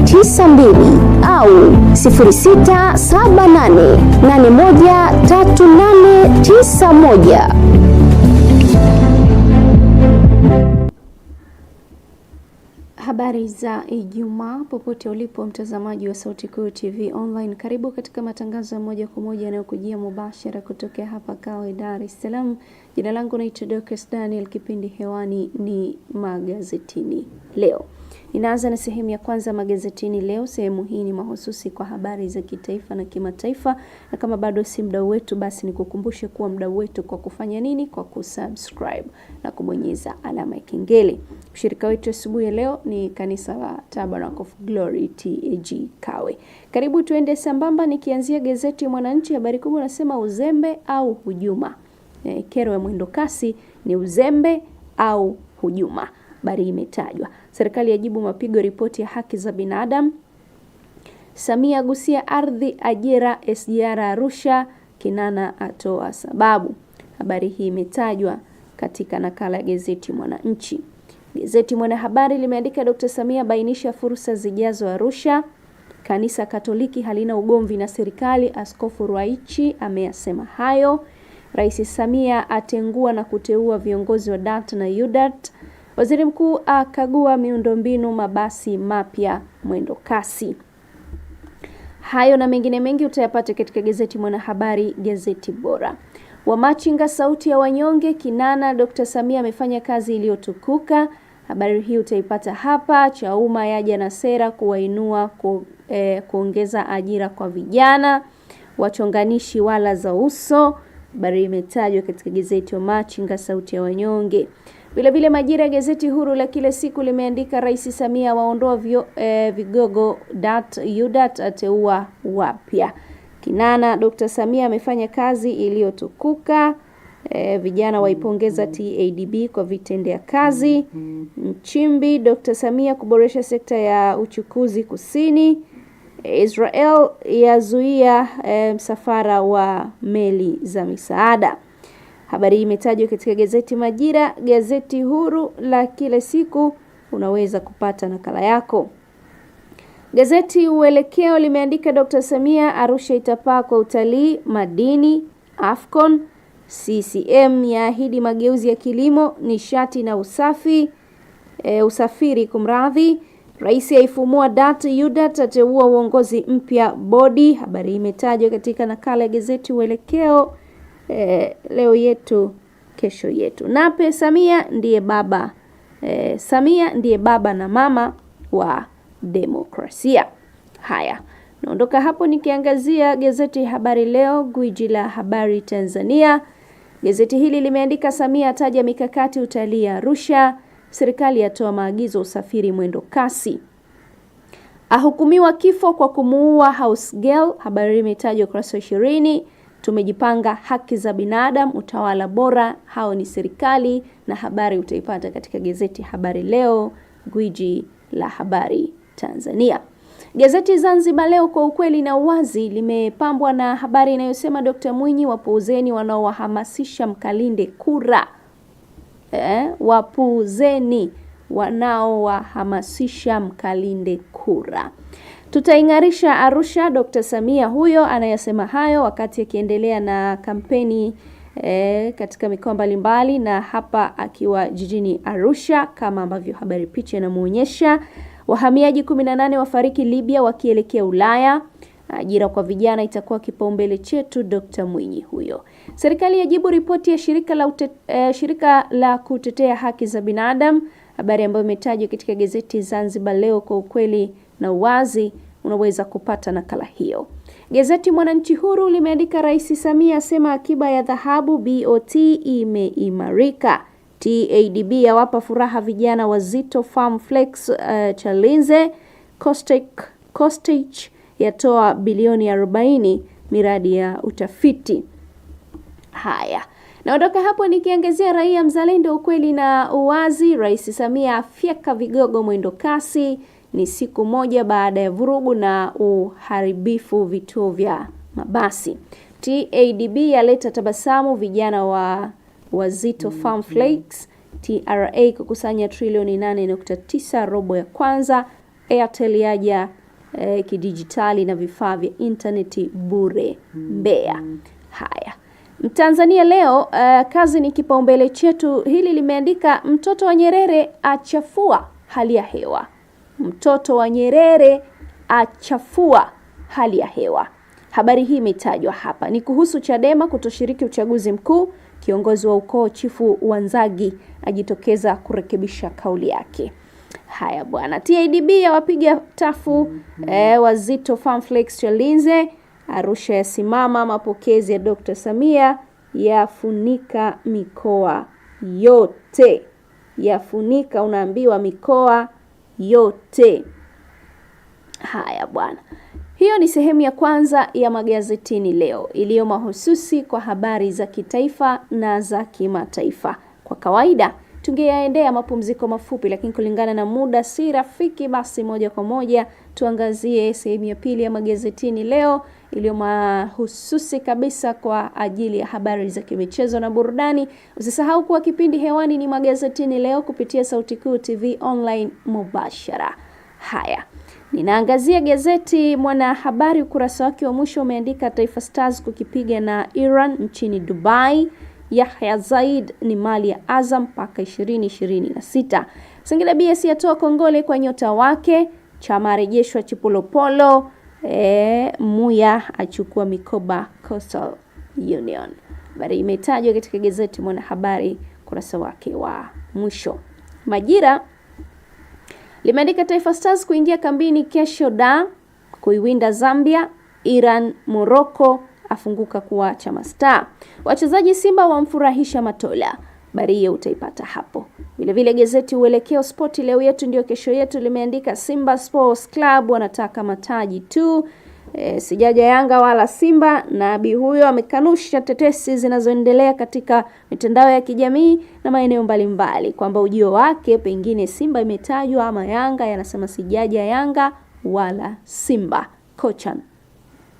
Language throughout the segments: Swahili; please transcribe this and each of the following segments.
92 au 0678813891. Habari za Ijumaa popote ulipo mtazamaji wa Sauti Kuu TV Online, karibu katika matangazo ya moja kwa moja yanayokujia mubashara kutokea hapa Kawe, Dar es Salaam. Jina langu naitwa Dorcas Daniel, kipindi hewani ni magazetini leo Ninaanza na sehemu ya kwanza magazetini leo. Sehemu hii ni mahususi kwa habari za kitaifa na kimataifa, na kama bado si mdau wetu, basi nikukumbushe kuwa mdau wetu kwa kufanya nini? Kwa kusubscribe na kubonyeza alama ya kengele. Mshirika wetu asubuhi ya leo ni kanisa la Tabernacle of Glory TAG Kawe. Karibu tuende sambamba, nikianzia gazeti Mwananchi, habari kubwa nasema uzembe au hujuma. Eh, kero ya mwendo kasi ni uzembe au hujuma habari imetajwa. Serikali yajibu mapigo ripoti ya haki za binadamu. Samia agusia ardhi, ajira, SGR Arusha. Kinana atoa sababu. Habari hii imetajwa katika nakala ya gazeti Mwananchi. Gazeti Mwanahabari limeandika Dkt. Samia bainisha fursa zijazo Arusha. Kanisa Katoliki halina ugomvi na serikali, Askofu Ruwaichi ameyasema hayo. Rais Samia atengua na kuteua viongozi wa DART na UDART. Waziri Mkuu akagua miundombinu mabasi mapya mwendo kasi. Hayo na mengine mengi utayapata katika gazeti Mwanahabari, gazeti bora. Wamachinga sauti ya wanyonge, Kinana, Dr. Samia amefanya kazi iliyotukuka. Habari hii utaipata hapa. Chauma yaja na sera kuwainua ku, eh, kuongeza ajira kwa vijana. Wachonganishi wala za uso. Habari imetajwa katika gazeti Wamachinga sauti ya wanyonge. Vilevile Majira ya gazeti huru la kila siku limeandika Rais Samia waondoa e, vigogo dat, yudat ateua wapya. Kinana, Dr. Samia amefanya kazi iliyotukuka. E, vijana waipongeza TADB kwa vitendea kazi. mchimbi Dr. Samia kuboresha sekta ya uchukuzi kusini. Israel yazuia e, msafara wa meli za misaada. Habari hii imetajwa katika gazeti Majira, gazeti huru la kila siku, unaweza kupata nakala yako. Gazeti Uelekeo limeandika Dr. Samia Arusha itapaa kwa utalii, madini, Afcon, CCM yaahidi mageuzi ya kilimo, nishati na usafi, e, usafiri kumradhi. Rais aifumua DAT, UDAT ateua uongozi mpya bodi. Habari imetajwa katika nakala ya gazeti Uelekeo eh, leo yetu kesho yetu. Nape Samia ndiye baba eh, Samia ndiye baba na mama wa demokrasia. Haya, naondoka hapo nikiangazia gazeti Habari Leo, gwiji la habari Tanzania. Gazeti hili limeandika Samia ataja mikakati utalii Arusha, serikali yatoa maagizo usafiri mwendo kasi, ahukumiwa kifo kwa kumuua house girl. Habari imetajwa ukurasa wa ishirini. Tumejipanga haki za binadamu, utawala bora, hao ni serikali, na habari utaipata katika gazeti Habari Leo, gwiji la habari Tanzania. Gazeti Zanzibar Leo kwa ukweli na uwazi limepambwa na habari inayosema Dr. Mwinyi, wapuuzeni wanaowahamasisha mkalinde kura. Eh, wapuuzeni wanaowahamasisha mkalinde kura. Tutaing'arisha Arusha. Dr. Samia huyo anayasema hayo wakati akiendelea na kampeni e, katika mikoa mbalimbali na hapa akiwa jijini Arusha kama ambavyo habari picha inamuonyesha. Wahamiaji 18 wafariki Libya wakielekea Ulaya. Ajira kwa vijana itakuwa kipaumbele chetu, Dr. Mwinyi huyo. Serikali yajibu ripoti ya shirika la, ute, eh, shirika la kutetea haki za binadamu, habari ambayo imetajwa katika gazeti Zanzibar Leo kwa ukweli na uwazi, unaweza kupata nakala hiyo. Gazeti Mwananchi Huru limeandika Rais Samia asema akiba ya dhahabu BOT imeimarika. TADB yawapa furaha vijana wazito Farm Flex, uh, Chalinze Costage yatoa bilioni 40 miradi ya utafiti. Haya, naondoka hapo nikiangazia Raia Mzalendo, ukweli na uwazi. Rais Samia afyeka vigogo mwendo kasi ni siku moja baada ya vurugu na uharibifu vituo vya mabasi. TADB yaleta tabasamu vijana wa Wazito mm, Farm mm. Flakes. TRA kukusanya trilioni 8.9 robo ya kwanza. Airtel yaja eh, kidijitali na vifaa vya intaneti bure mm, Mbeya. Haya, Mtanzania leo, uh, kazi ni kipaumbele chetu. Hili limeandika mtoto wa Nyerere achafua hali ya hewa mtoto wa Nyerere achafua hali ya hewa. Habari hii imetajwa hapa, ni kuhusu Chadema kutoshiriki uchaguzi mkuu. Kiongozi wa ukoo Chifu Wanzagi ajitokeza kurekebisha kauli yake. Haya bwana, TADB ya wapiga tafu mm -hmm. E, wazito Farmflex Chalinze Arusha yasimama. Mapokezi ya Dr. Samia yafunika mikoa yote, yafunika unaambiwa mikoa yote. Haya bwana, hiyo ni sehemu ya kwanza ya magazetini leo iliyo mahususi kwa habari za kitaifa na za kimataifa. Kwa kawaida tungeyaendea mapumziko mafupi, lakini kulingana na muda si rafiki, basi moja kwa moja tuangazie sehemu ya pili ya magazetini leo iliyo mahususi kabisa kwa ajili ya habari za kimichezo na burudani. Usisahau kuwa kipindi hewani ni magazetini leo kupitia Sauti Kuu TV online mubashara. Haya, ninaangazia gazeti Mwanahabari, ukurasa wake wa mwisho umeandika Taifa Stars kukipiga na Iran nchini Dubai. Yahya Zaid ni mali ya Azam mpaka 2026. Singida BS yatoa kongole kwa nyota wake. Chama arejeshwa Chipolopolo e, Muya achukua mikoba Coastal Union. Habari imetajwa katika gazeti Mwanahabari kurasa wake wa mwisho. Majira limeandika Taifa Stars kuingia kambini kesho da kuiwinda Zambia, Iran, Morocco afunguka kuwa Chama Star. Wachezaji Simba wamfurahisha Matola habari hiyo utaipata hapo. Vilevile gazeti Uelekeo Spoti, leo yetu ndio kesho yetu, limeandika Simba Sports Club wanataka mataji tu. E, sijaja Yanga wala Simba. Nabii huyo amekanusha tetesi zinazoendelea katika mitandao ya kijamii na maeneo mbalimbali kwamba ujio wake pengine Simba imetajwa ama Yanga. Yanasema sijaja Yanga wala Simba. Kocha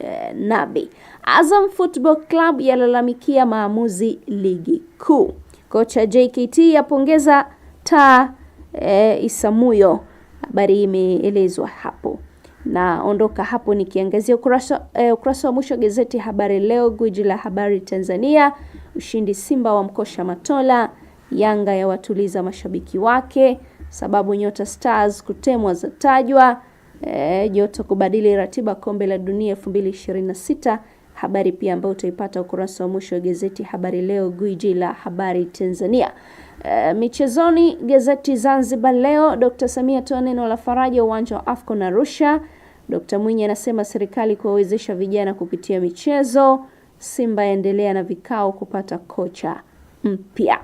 e, Nabi. Azam Football Club yalalamikia maamuzi ligi kuu. Kocha JKT yapongeza taa e, Isamuyo. Habari hii imeelezwa hapo. Naondoka hapo nikiangazia ukurasa eh, ukurasa wa mwisho gazeti Habari Leo, gwiji la habari Tanzania. Ushindi Simba wa mkosha Matola, Yanga ya watuliza mashabiki wake, sababu nyota Stars kutemwa zatajwa, eh, joto kubadili ratiba kombe la dunia 2026 habari pia ambayo utaipata ukurasa wa mwisho wa gazeti Habari Leo, gwiji la habari Tanzania. Uh, michezoni, gazeti Zanzibar Leo, Dr. Samia toa neno la faraja uwanja wa Afcon Arusha. Dr. Mwinyi anasema serikali kuwawezesha vijana kupitia michezo. Simba yaendelea na vikao kupata kocha mpya.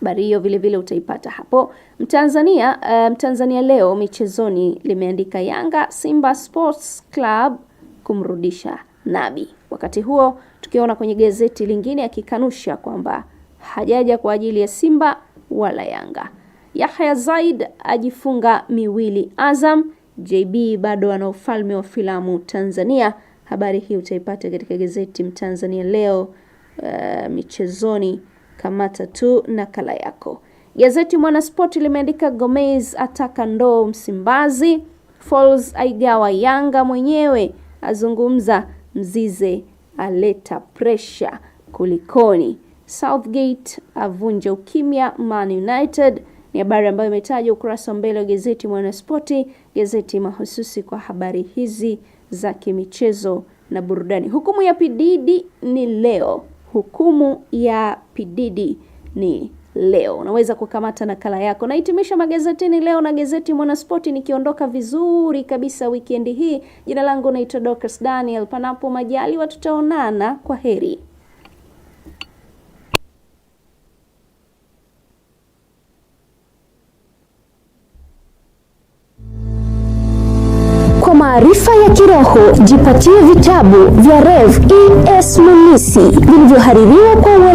Habari hiyo vile vile utaipata hapo Mtanzania. Uh, Mtanzania Leo michezoni limeandika Yanga Simba Sports Club kumrudisha Nabi. Wakati huo tukiona kwenye gazeti lingine akikanusha kwamba hajaja kwa ajili ya Simba wala Yanga. Yahya Zaid ajifunga miwili Azam. JB bado ana ufalme wa filamu Tanzania. Habari hii utaipata katika gazeti Mtanzania leo. Uh, michezoni, kamata tu nakala yako. Gazeti Mwanaspoti limeandika Gomez ataka ndoo Msimbazi, Falls aigawa Yanga mwenyewe, azungumza Mzize aleta pressure, kulikoni, Southgate avunja ukimya Man United ni habari ambayo imetajwa ukurasa wa mbele wa gazeti Mwanaspoti, gazeti mahususi kwa habari hizi za kimichezo na burudani. Hukumu ya Pididi ni leo, hukumu ya Pididi ni leo. Unaweza kukamata nakala yako. Nahitimisha magazetini leo na gazeti Mwanaspoti, nikiondoka vizuri kabisa wikendi hii. Jina langu naitwa Dorcas Daniel, panapo majaliwa tutaonana. Kwa heri. Maarifa ya kiroho jipatie vitabu vya Rev E S Munisi vilivyohaririwa kwa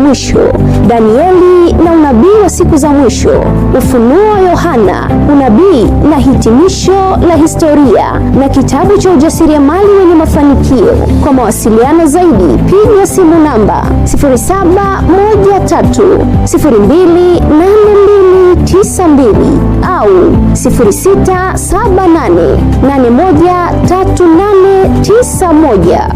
mwisho, Danieli na unabii wa siku za mwisho, Ufunuo Yohana, unabii na hitimisho la historia, na kitabu cha ujasiriamali wenye mafanikio. Kwa mawasiliano zaidi, piga simu namba 0713028292 au moja.